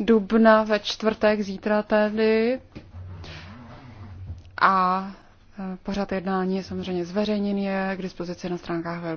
dubna ve čtvrtek, zítra tedy. A e, pořad jednání je samozřejmě zveřejněn, je k dispozici na stránkách web